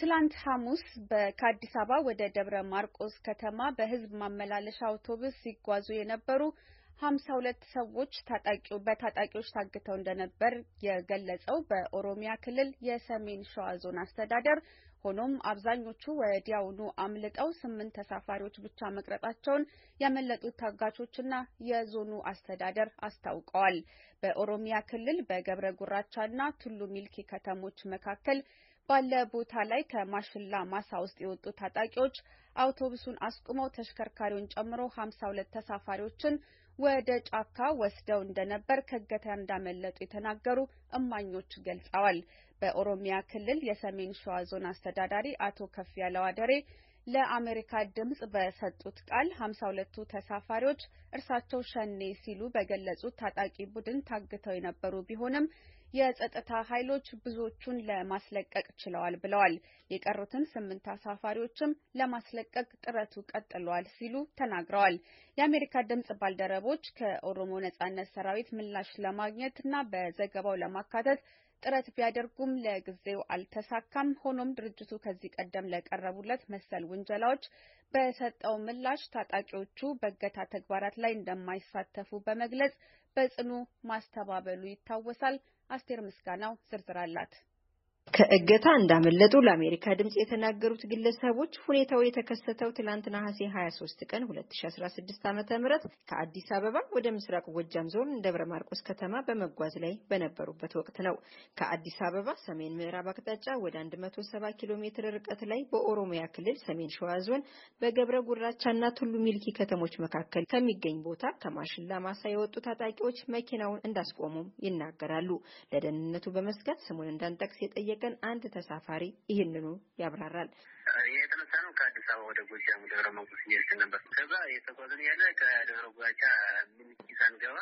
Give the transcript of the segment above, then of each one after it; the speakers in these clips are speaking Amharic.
ትላንት ሐሙስ ከአዲስ አበባ ወደ ደብረ ማርቆስ ከተማ በህዝብ ማመላለሻ አውቶቡስ ሲጓዙ የነበሩ ሀምሳ ሁለት ሰዎች ታጣቂው በታጣቂዎች ታግተው እንደነበር የገለጸው በኦሮሚያ ክልል የሰሜን ሸዋ ዞን አስተዳደር፣ ሆኖም አብዛኞቹ ወዲያውኑ አምልጠው ስምንት ተሳፋሪዎች ብቻ መቅረጣቸውን ያመለጡት ታጋቾችና የዞኑ አስተዳደር አስታውቀዋል። በኦሮሚያ ክልል በገብረ ጉራቻና ቱሉ ሚልኪ ከተሞች መካከል ባለ ቦታ ላይ ከማሽላ ማሳ ውስጥ የወጡ ታጣቂዎች አውቶቡሱን አስቁመው ተሽከርካሪውን ጨምሮ 52 ተሳፋሪዎችን ወደ ጫካ ወስደው እንደነበር ከእገታ እንዳመለጡ የተናገሩ እማኞች ገልጸዋል። በኦሮሚያ ክልል የሰሜን ሸዋ ዞን አስተዳዳሪ አቶ ያለው አደሬ ለአሜሪካ ድምጽ በሰጡት ቃል 52ቱ ተሳፋሪዎች እርሳቸው ሸኔ ሲሉ በገለጹት ታጣቂ ቡድን ታግተው የነበሩ ቢሆንም የጸጥታ ኃይሎች ብዙዎቹን ለማስለቀቅ ችለዋል ብለዋል። የቀሩትን ስምንት አሳፋሪዎችም ለማስለቀቅ ጥረቱ ቀጥሏል ሲሉ ተናግረዋል። የአሜሪካ ድምጽ ባልደረቦች ከኦሮሞ ነጻነት ሰራዊት ምላሽ ለማግኘት እና በዘገባው ለማካተት ጥረት ቢያደርጉም ለጊዜው አልተሳካም። ሆኖም ድርጅቱ ከዚህ ቀደም ለቀረቡለት መሰል ውንጀላዎች በሰጠው ምላሽ ታጣቂዎቹ በእገታ ተግባራት ላይ እንደማይሳተፉ በመግለጽ በጽኑ ማስተባበሉ ይታወሳል። አስቴር ምስጋናው ዝርዝር አላት። ከእገታ እንዳመለጡ ለአሜሪካ ድምጽ የተናገሩት ግለሰቦች ሁኔታው የተከሰተው ትላንት ነሐሴ 23 ቀን 2016 ም ከአዲስ አበባ ወደ ምስራቅ ጎጃም ዞን ደብረ ማርቆስ ከተማ በመጓዝ ላይ በነበሩበት ወቅት ነው። ከአዲስ አበባ ሰሜን ምዕራብ አቅጣጫ ወደ 170 ኪሎ ሜትር ርቀት ላይ በኦሮሚያ ክልል ሰሜን ሸዋ ዞን በገብረ ጉራቻ ና ቱሉ ሚልኪ ከተሞች መካከል ከሚገኝ ቦታ ከማሽላ ማሳ የወጡ ታጣቂዎች መኪናውን እንዳስቆሙም ይናገራሉ። ለደህንነቱ በመስጋት ስሙን እንዳንጠቅስ የጠየቀ የጠየቀን አንድ ተሳፋሪ ይህንኑ ያብራራል። የተነሳ ነው ከአዲስ አበባ ወደ ጎጃም ደብረ ማርቆስ እየሄድን ነበር። ከዛ የተጓዝን ያለ ከደብረ ጓቻ ሚኒኪ ሳንገባ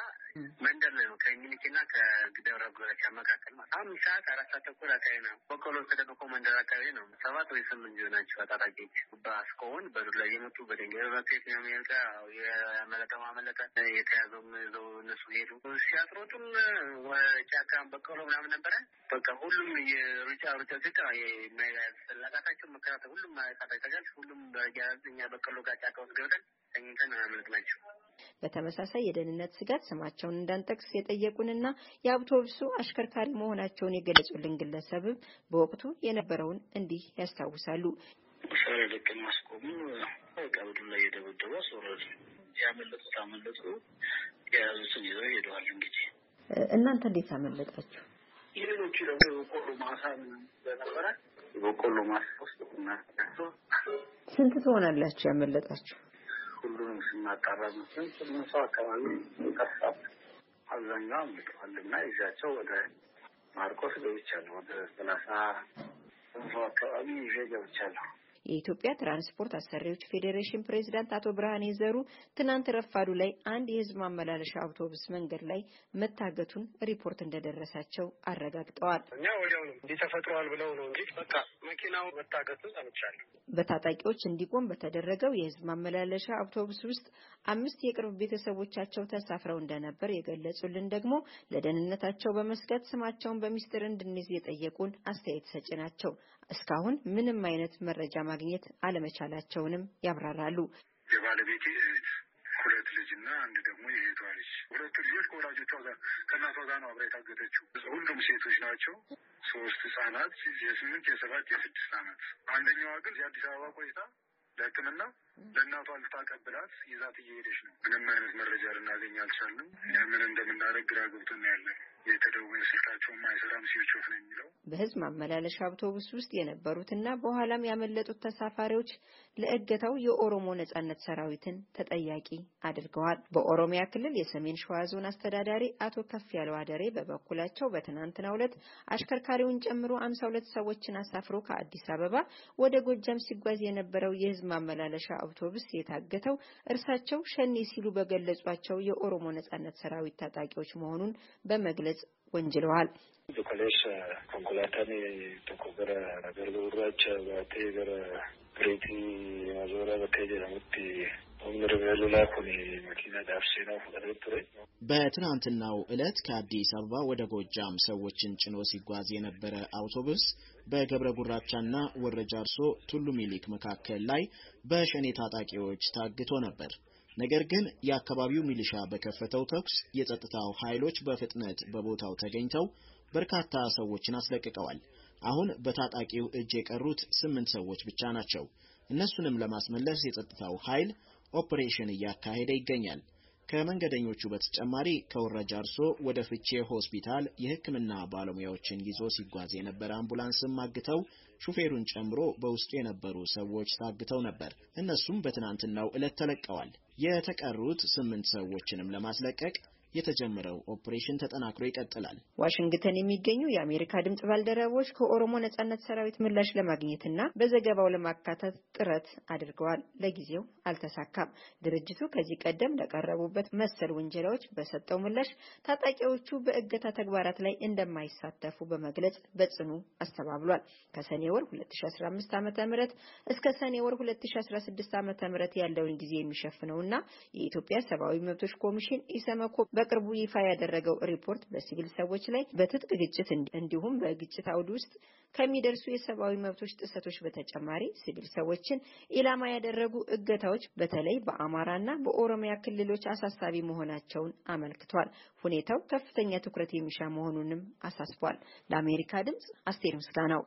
መንደር ላይ ነው። ከሚኒኪ እና ከደብረ ጓቻ መካከል ማለት አምስት ሰዓት አራት ሰዓት ተኩል አካባቢ ነው። በቆሎ ተደብቆ መንደር አካባቢ ነው። ሰባት ወይ ስምንት ሆናቸው ናቸው አጣጣቂዎች በአስኮውን ላይ እየመቱ በድንጋይ በመቱ ነው ያልጋ ያመለጠው አመለጠ፣ የተያዘውም ይዘው እነሱ ሄዱ። ሲያስሮጡም ጫካን በቆሎ ምናምን ነበረ። በቃ ሁሉም የሩጫ ሩጫ ሲቃ የማይላቃታቸው መከራተ ሁሉም ተፈተገል ሁሉም በጋዜጠኛ በቀሎ ጋጫ ጫካ ውስጥ ገብተን ተኝተን አምልጥ ናቸው። በተመሳሳይ የደህንነት ስጋት ስማቸውን እንዳንጠቅስ የጠየቁንና የአውቶቡሱ አሽከርካሪ መሆናቸውን የገለጹልን ግለሰብም በወቅቱ የነበረውን እንዲህ ያስታውሳሉ። ፈረደቅን ማስቆሙ ቀብዱ ላይ የደበደበ ሶረድ ያመለጡት አመለጡ፣ የያዙትን ይዘው ሄደዋል። እንግዲህ እናንተ እንዴት አመለጣችሁ? የሌሎቹ ደግሞ ቆሎ ማሳ ነበረ የበቆሎ ማሳ ውስጥ ቡና ያቸው ስንት ትሆናላችሁ ያመለጣችሁ? ሁሉንም ስናጣራ ምስል ሁሉም ሰው አካባቢ ጠፋት። አብዛኛው አምልጠዋል እና ይዣቸው ወደ ማርቆስ ገብቻለሁ። ወደ ሰላሳ ሰው አካባቢ ይዤ ገብቻለሁ። የኢትዮጵያ ትራንስፖርት አሰሪዎች ፌዴሬሽን ፕሬዚዳንት አቶ ብርሃኔ ዘሩ ትናንት ረፋዱ ላይ አንድ የህዝብ ማመላለሻ አውቶቡስ መንገድ ላይ መታገቱን ሪፖርት እንደደረሳቸው አረጋግጠዋል። እኛ ወዲያው ነው እንዲህ ተፈጥሯል ብለው ነው እንጂ በቃ መኪናው መታገቱን ሰምቻለሁ። በታጣቂዎች እንዲቆም በተደረገው የህዝብ ማመላለሻ አውቶቡስ ውስጥ አምስት የቅርብ ቤተሰቦቻቸው ተሳፍረው እንደነበር የገለጹልን ደግሞ ለደህንነታቸው በመስጋት ስማቸውን በሚስጥር እንድንይዝ የጠየቁን አስተያየት ሰጪ ናቸው። እስካሁን ምንም አይነት መረጃ ማግኘት አለመቻላቸውንም ያብራራሉ። የባለቤቴ ሁለት ልጅ አንድ ደግሞ የሄቷ ልጅ ሁለቱ ልጆች ከወላጆቿ ጋር ከእናቷ ጋር ነው አብራ የታገተችው። ሁሉም ሴቶች ናቸው። ሶስት ህጻናት የስምንት የሰባት የስድስት አመት አንደኛዋ ግን የአዲስ አበባ ቆይታ ለህክምና። ለእናቷ ልታቀብላት ይዛት እየሄደች ነው። ምንም አይነት መረጃ ልናገኝ አልቻልንም። ምን እንደምናደርግ ግራ ገብቶና ያለ የተደወለ ስልካቸውም አይሰራም፣ ሲውቾፍ ነው የሚለው። በህዝብ ማመላለሻ አውቶቡስ ውስጥ የነበሩትና በኋላም ያመለጡት ተሳፋሪዎች ለእገታው የኦሮሞ ነጻነት ሰራዊትን ተጠያቂ አድርገዋል። በኦሮሚያ ክልል የሰሜን ሸዋ ዞን አስተዳዳሪ አቶ ከፍ ያለው አደሬ በበኩላቸው በትናንትናው ዕለት አሽከርካሪውን ጨምሮ አምሳ ሁለት ሰዎችን አሳፍሮ ከአዲስ አበባ ወደ ጎጃም ሲጓዝ የነበረው የህዝብ ማመላለሻ አውቶቡስ የታገተው እርሳቸው ሸኔ ሲሉ በገለጿቸው የኦሮሞ ነጻነት ሰራዊት ታጣቂዎች መሆኑን በመግለጽ ወንጅለዋል። በትናንትናው ዕለት ከአዲስ አበባ ወደ ጎጃም ሰዎችን ጭኖ ሲጓዝ የነበረ አውቶቡስ በገብረ ጉራቻና ወረ ጃርሶ ቱሉ ሚሊክ መካከል ላይ በሸኔ ታጣቂዎች ታግቶ ነበር። ነገር ግን የአካባቢው ሚሊሻ በከፈተው ተኩስ የጸጥታው ኃይሎች በፍጥነት በቦታው ተገኝተው በርካታ ሰዎችን አስለቅቀዋል። አሁን በታጣቂው እጅ የቀሩት ስምንት ሰዎች ብቻ ናቸው። እነሱንም ለማስመለስ የጸጥታው ኃይል ኦፕሬሽን እያካሄደ ይገኛል። ከመንገደኞቹ በተጨማሪ ከውረጃ አርሶ ወደ ፍቼ ሆስፒታል የሕክምና ባለሙያዎችን ይዞ ሲጓዝ የነበረ አምቡላንስም አግተው ሹፌሩን ጨምሮ በውስጡ የነበሩ ሰዎች ታግተው ነበር። እነሱም በትናንትናው ዕለት ተለቀዋል። የተቀሩት ስምንት ሰዎችንም ለማስለቀቅ የተጀመረው ኦፕሬሽን ተጠናክሮ ይቀጥላል። ዋሽንግተን የሚገኙ የአሜሪካ ድምጽ ባልደረቦች ከኦሮሞ ነጻነት ሰራዊት ምላሽ ለማግኘትና በዘገባው ለማካተት ጥረት አድርገዋል። ለጊዜው አልተሳካም። ድርጅቱ ከዚህ ቀደም ለቀረቡበት መሰል ውንጀላዎች በሰጠው ምላሽ ታጣቂዎቹ በእገታ ተግባራት ላይ እንደማይሳተፉ በመግለጽ በጽኑ አስተባብሏል። ከሰኔ ወር 2015 ም እስከ ሰኔ ወር 2016 ም ያለውን ጊዜ የሚሸፍነውና የኢትዮጵያ ሰብአዊ መብቶች ኮሚሽን ኢሰመኮ በቅርቡ ይፋ ያደረገው ሪፖርት በሲቪል ሰዎች ላይ በትጥቅ ግጭት እንዲሁም በግጭት አውድ ውስጥ ከሚደርሱ የሰብአዊ መብቶች ጥሰቶች በተጨማሪ ሲቪል ሰዎችን ኢላማ ያደረጉ እገታዎች በተለይ በአማራና በኦሮሚያ ክልሎች አሳሳቢ መሆናቸውን አመልክቷል። ሁኔታው ከፍተኛ ትኩረት የሚሻ መሆኑንም አሳስቧል። ለአሜሪካ ድምጽ አስቴር ምስጋናው